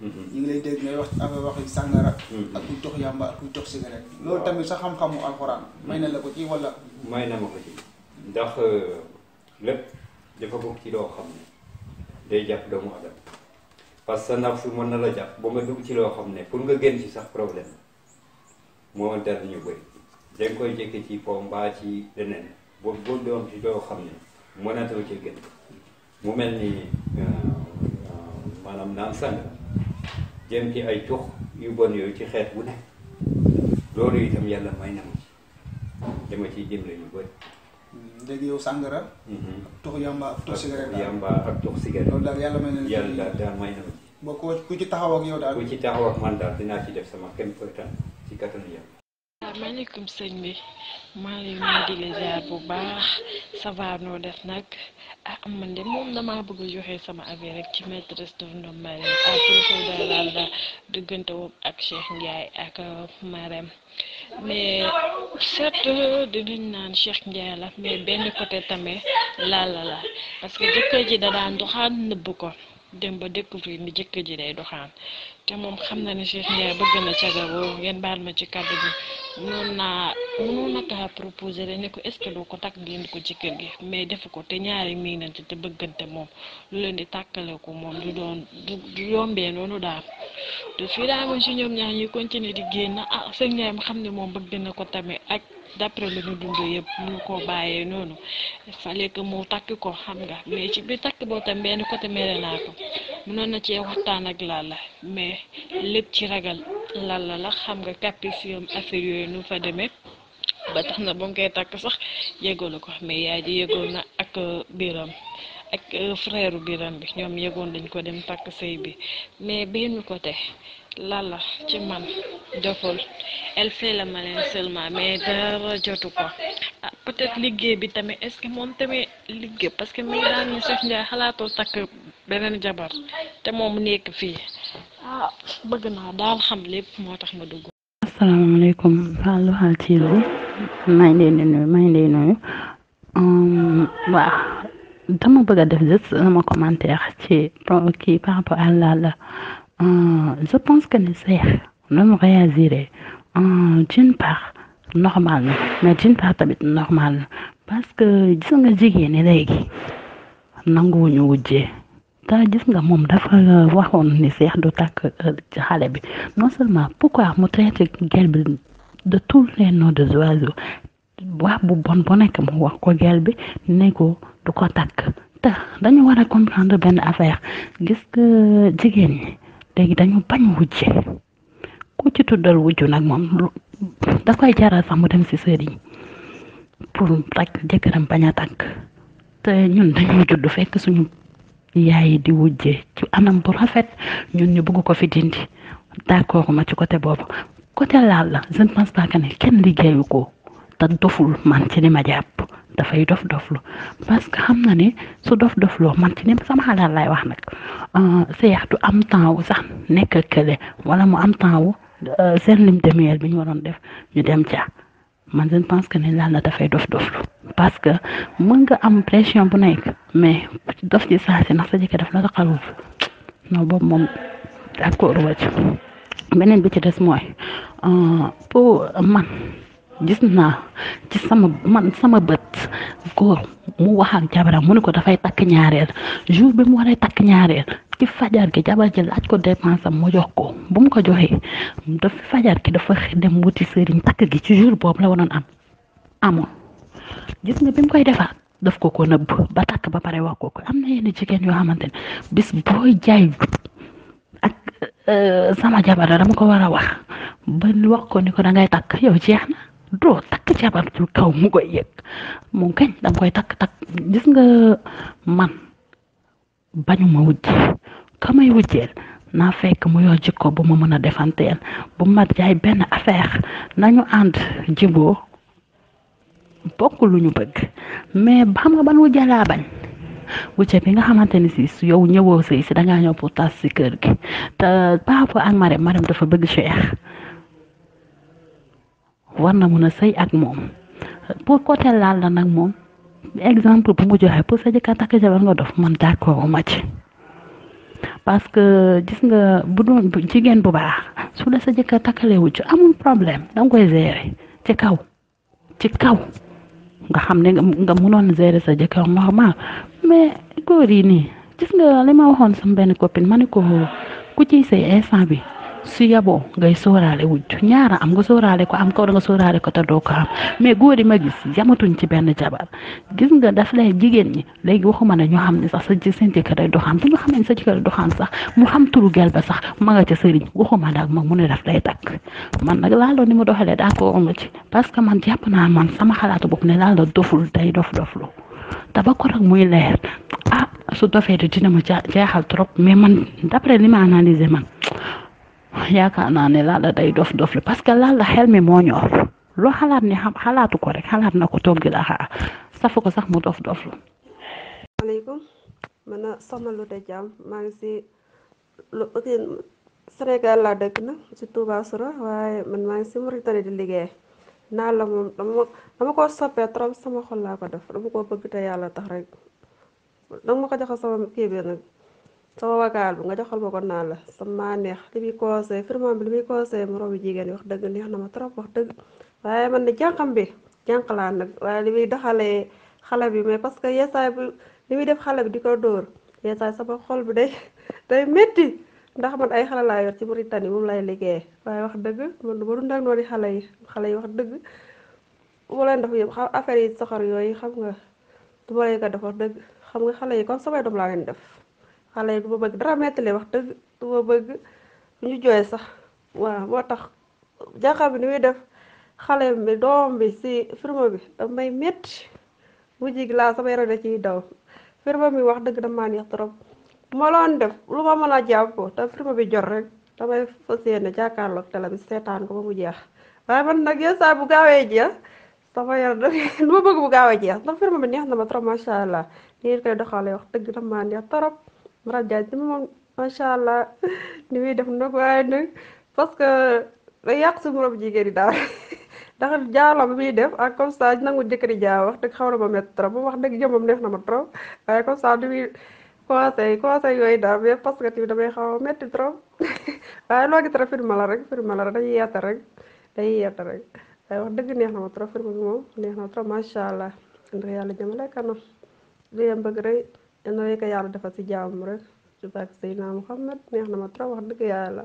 Mhm. ñu ngi lay dégg ngay wax affaire wax yi sàngara mhm. ak kuy tox yàmba kuy tox cigarette loolu tamit sa xam-xamu alxuraan mhm. may na la ko ci wala may na ma ko ci ndax euh, lépp dafa bokk ci loo xam ne mën na la jàpp ba nga dugg ci loo xam ne pour nga génn ci sax problème moo dal ñu bëri da koy jëkke ci po mbaa ci leneen bu boo doon ci loo xam ne mënatoo ci génn mu mel ni euh, euh, maanaam naan sàngara jëm ci ay tux yu bon yooyu ci xeet bu nekk loolu itam yàlla may na ma ci dama ciy jëmle yu bëri. léegi mhm. ak tux cigarette daal daal daal may na ma ci. ba ku ku ci taxaw ak yow daal. ku ci taxaw ak man daal dinaa ci def sama kéem kattan ci kattanu yàlla. asalaamaaleykum sëñ bi maa ngi leen di ziar bu baax ça noo def nag. ah am de moom damaa bëgg a joxe sama avis rek ci maîtresse d'un homme marié à propos de la diggante boobu ak Cheikh Ndiaye ak euh, Marème mais certes dinañ naan Cheikh Ndiaye la mais benn côté tamit laala la parce que jëkkër ji da daan nëbb ko. dem ba découvrir ni jëkkër ji day doxaan te moom xam na ne Cheikh Ndiaye bëgg na caga boobu ngeen baal ma ci kàddu bi mënoon naa mënoon na kaa proposé rek ne ko est ce doo ko takk di ko ci kër gi mais defu ko te ñaari miinante te bëggante moom lu leen di tàkkale ko moom du doon du yombee noonu daal te fii daa amoon si ñoom ñaar ñuy continuer di génn ah Cheikh Ndiaye mu xam ne moom ko tamit ak. d'après lu ñu dund yëpp mu ko bàyyee noonu il fallait mu takk ko xam nga mais ci bi takk boo tam benn côté mere naa ko mënoon na cee waxtaan ak Lalla mais lépp ci ragal Lalla la xam nga capricium affaire yooyu nu fa demee ba tax na ba mu koy takk sax yëgalu ko mais yaay ji yëgoon na ak euh, biiram ak euh, frère biiram bi ñoom yëgoon dañ ko dem takk sëy bi mais benn côté Lalla ci man deful elle fait la malin seulement mais dara jotu ko ah, peut-être liggéey bi tamit est-ce que moom tamit liggéey parce que mi ngi daan ñu Cheikh takk beneen jabar te moom nekk fii ah bëgg naa daal xam lépp moo tax ma dugg. asalaamaaleykum waa Lu Xew TV maa ngi leen di nuyu maa ngi leen di nuyu um, waaw dama bëgg a def juste sama commentaire ci par rapport à la euh, je pense que ni Cheikh. même réagiré d'une part normal na mais d'une paax tamit normal na parce que gis nga jigéen ñi léegi nanguwuñu wujjee te gis nga moom dafa waxoon ni seex du takk euh, ci xale bi non seulement pourquoi mu traité gel bi de tous les noms des oiseaux wax bu bon bu nekk mu wax ko gel bi ne ko du ko takk te dañu war a comprendre benn affaire gis nga jigéen ñi léegi dañu bañ wujjee ku ci tuddal wujju nag moom da koy jaral sax mu dem si sëriñ pour takk jëkkëram bañ a takk te ñun dañuy judd fekk suñu yaay di wujjee ci anam bu rafet ñun ñu bëgg ko fi dindi d'accord ma ci côté boobu côté laal la je ne pense pas que kenn liggéeyu ko te doful man ci li ma jàpp dafay dof doflu parce que xam na ni su dof dofloo man ci ni sama xalaat lay wax nag euh, seex du am temps wu sax nekk kële wala mu am temps wu Euh, seen lim de miel bi ñu waroon def ñu dem ca man je pense que ne laal na dafay dof doflu parce que mën nga am pression bu nekk mais dof ci saa si ndax sa jëkkër def la taxawul non boobu moom d'accord wàcc beneen bi ci des mooy euh, pour man gis na ci sama man sama bët. góor mu wax ak jabaram mu ne ko dafay takk ñaareel jour bi mu waree takk ñaareel ci fajar ki jabar ji laaj ko dépense am mu jox ko bu mu ko joxee daf fajar gi dafa dem wuti sëriñ takk gi ci jour boobu la waroon am amul gis nga bi mu koy defa daf ko ko nëbb ba takk ba pare wax ko ko am na yenn jigéen yoo xamante ne bis booy jaay euh, sama jabar dama ko war a wax ba wax ko ni ko dangay takk yow jeex na. doo takk jabar ci kaw mu koy yëg moom kañ danga takk takk gis nga man bañuma wujj kamay wujjeel naa fekk mu yoo jikko bu ma mën a defanteel bu ma jaay benn affaire nañu ànd jiboo bokk lu ñu bëgg mais ba xam nga ban wujje laa bañ wujje bi nga xamante ni si yow ñëwoo sëy si dangaa ñëw pour tas si kër gi te par rapport ak Marème Marème dafa bëgg Cheikh war na mën a sey ak moom pour côté laal la nag moom exemple bu mu joxe pour sa jëkkër takk jabar nga dof man d'accord ma ci parce que gis nga bu doon jigéen bu baax su la sa jëkkër takkalee wu ci amul problème dang koy gérer ci kaw ci kaw nga xam ne nga mënoon gérer sa jëkkër ma mais góor yi nii gis nga li ma waxoon sama benn copine ma ne ko ku ciy sëy instant bi. si yaboo ngay sóoraale wujj ñaara am nga sóoraale ko am ko nga sóoraale ko te doo ko am mais góor yi ma gis yamatuñ ci benn jabar gis nga daf lay jigéen ñi léegi waxuma ne ñu xam ne sax sa seen jëkkër day doxaan bu ñu xamee ne sa jëkkër doxaan sax mu xam turu gel ba sax ma nga ca sëriñ waxuma nag ma mu ne daf lay takk man nag laal doon ni mu doxalee daa ko am ci parce que man jàpp naa man sama xalaatu bopp ne laal la doful day dof doflu te ba ko nag muy leer ah su dofee na ma jaaxal trop mais man d'après li ma analysé man. yaakaar naa ne laala day dof dof la parce que laala xel mi moo ñor loo xalaat ne xam xalaatu ko rek xalaat na ko toog di la xaar safu ko sax mu dof dof la. maaleykum man a soxna Loute Diam maa ngi si lu Sénégal laa dëkk na si Touba Soura waaye man maa ngi si Mauritanie di liggéey naa la moom dama dama ko soppee trop sama xol laa ko def dama ko bëgg te yàlla tax rek dama ko sama kii sama wakaal bu nga joxal ma ko naan la sama neex li muy conseil firmam bi li muy conseil moroom yu jigéen yi wax dëgg neex na ma trop wax dëgg waaye man ne jànqam bi jànqalaan nag waaye li muy doxalee xale bi mais parce que yeesaay bu li muy def xale bi di ko dóor yeesaay sama xol bi day day métti ndax man ay xale laa yor ci Mauritanie moom lay liggéey waaye wax dëgg man ba dundal noonu xale yi xale yi wax dëgg bu leen def yëpp xam affaire yi soxor yooyu xam nga du ma leen ko def wax dëgg xam nga xale yi comme samay doom laa leen def xale yi du ma bëgg dara mettale wax dëgg du ma bëgg ñu jooy sax waaw moo tax jànqar bi ni muy def xale bi doom bi si firma bi daf may métti mujj gi laa sama da ciy daw firma wax dëgg dama neex trop bu ma loon def lu ma a jàpp te bi jot rek damay fas yéene jàkkaarloog télé bi seetaan ko ba mu jeex waaye man nag yenn saa bu gaawee jeex sama yaram bëgg bu gaawee jeex ndax firma bi neex na ma trop macha allah ni koy doxalee wax dëgg dama neex trop. Mara Diagne si moom macha allah ni muy def nag waaye nag parce que day yàq si mu jigéen yi daal ndax jaalo bi muy def ak comme ça nangu jëkkëri jaa wax dëgg xaw na ma métti trop bu wax dëgg jëmmam na ma trop waaye comme ça ni yooyu daal mais parce damay xaw a métti trop waaye loo gis rek firime la rek firime la rek dañuy yeete rek dañuy waaye wax dëgg neex na ma trop firime bi moom neex na ma trop macha allah ndax yàlla jëmale kanam li bëgg rek. yal na leen ko yàlla defal ci jàmm rek ci barke Seydina Muhammad neex na ma trop wax dëgg yàlla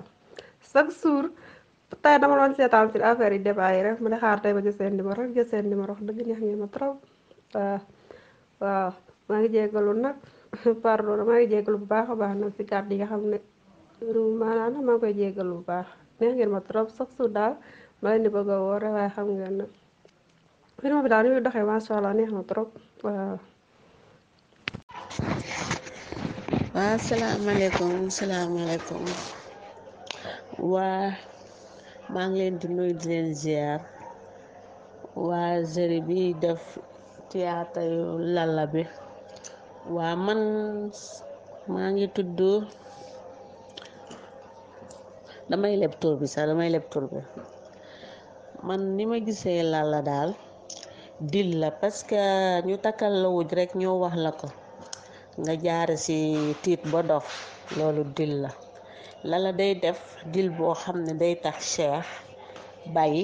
chaque jour tey dama doon seetaan ci affaire yi débat yi rek ma ne xaar tey ba jël seen numéro rek jël seen numéro wax dëgg neex ma trop waaw waaw maa ngi jégalu nag pardon maa ngi jégalu bu baax a baax nag ci kàddu xam ne maanaam maa koy jégalu bu baax neex ngeen ma trop chaque jour daal ma leen di bëgg a woor waaye xam ngeen nag film bi daal ni muy neex na trop waaw. waa salaamaaleykum salaamaaleykum waa maa ngi leen di nuyu di leen ziar waa jëri bi def théâtre yu lalla bi waa man maa ngi tudd damay leb tur bi sax damay leb tur man ni ma gisee lalla daal dil la parce que ñu takkal la wuj rek ñoo wax la ko nga jaare si tiit ba dof loolu dil la lala day def dil boo xam ne day tax cheikh bay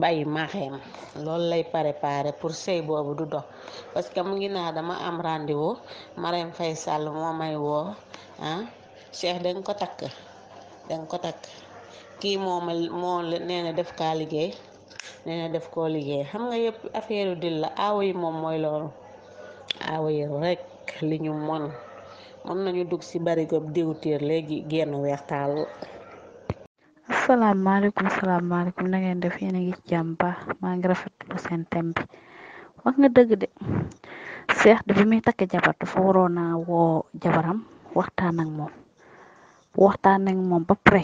bay maxeem loolu lay préparé pour sëy boobu du dox parce que mu ngi naa dama am rendez-vous Marème Faye Sall moo may woo ah cheikh danga ko takk danga ko takk kii moo moo nee def kaa liggéey nee na def koo liggéey xam nga yëpp affaire dil la aawo yi moom mooy loolu awir ah rek li ñu mën nañu dugg ci barigob diwtiir léegi génn weex taal asalaamaaleykum salaamaaleykum na ngeen def yéen a ngi jàmm ba maa ngi rafetlu seen thème bi nga dëgg de seex de bi muy takk jabar dafa waroon naa woo jabaram waxtaan ak moom ba pare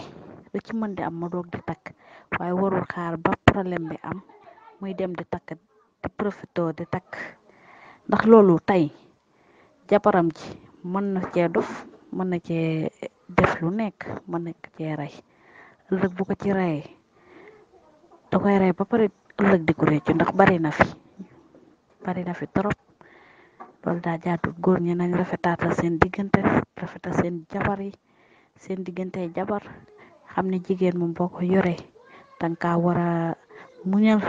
da ci mën di am ma doog di takk waaye waru xaar ba problème bi am muy dem di takk di profito di takk ndax loolu tey jabaram ji mën na cee dof mën na cee def lu nekk mën na cee rey ëllëg bu ko ci reyee da koy rey ba pare ëllëg di ko ci ndax bari na fi bari na fi trop loolu daa jaatut góor ñi nañ rafetaatal seen diggante rafetal seen jabar yi seen diggante jabar xam ne jigéen moom boo ko yoree danga kaa war a muñal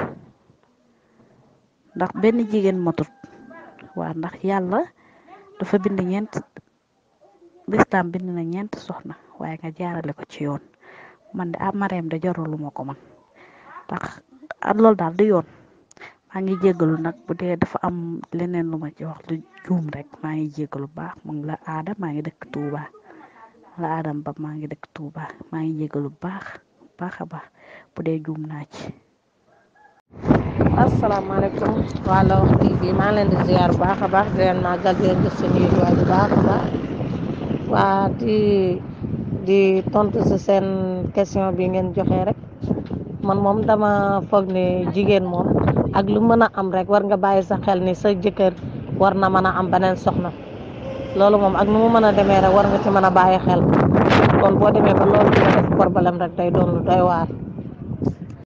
ndax benn jigéen matut waa ndax yàlla dafa bind ñeent lislaam bind na ñeent soxna waaye nga jaarale ko ci yoon man de ab ah, mareem de jarulu ma ko man ndax a ah, loolu daal du yoon maa ngi jéggalu nag bu dee dafa am leneen lu ma ci wax lu juum rek maa ngi lu baax moom la aada maa ngi dëkk Touba la aadam ba maa ngi dëkk Touba maa ngi jéggalu baax baax a baax bu dee juum naa ci asalaamaaleykum waa Ladoum TV maa ngi di ziar baax a baax di leen màggal di leen gis seen yéeguwaay bu baax a baax waa di di tontu si seen question bi ngeen joxe rek man moom dama foog ne jigéen moom ak lu mën a am rek war nga bàyyi sa xel ni sa jëkkër war na mën a am beneen soxna loolu moom ak nu mu mën a demee rek war nga ci mën a bàyyi xel kon boo demee ba loolu dina def doon lu doy waar.